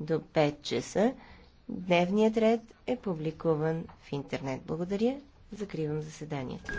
до 5 часа. Дневният ред е публикуван в интернет. Благодаря. Закривам заседанието.